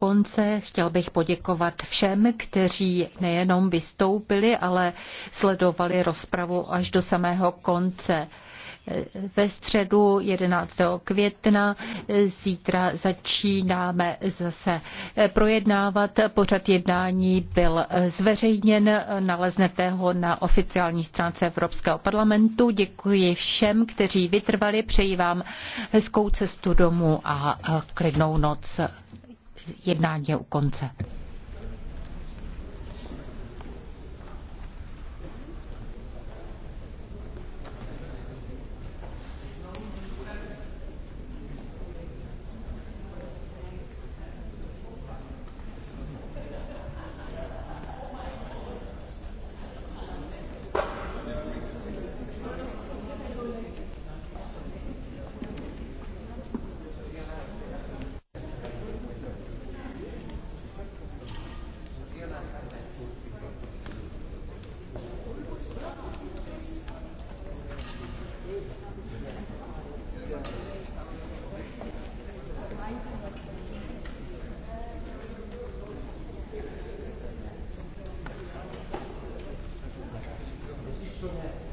konce chtěl bych poděkovat všem, kteří nejenom vystoupili, ale sledovali rozpravu až do samého konce. Ve středu 11. května zítra začínáme zase projednávat. Pořad jednání byl zveřejněn, naleznete ho na oficiální stránce Evropského parlamentu. Děkuji všem, kteří vytrvali, přeji vám hezkou cestu domů a klidnou noc jednání je u konce. Yeah.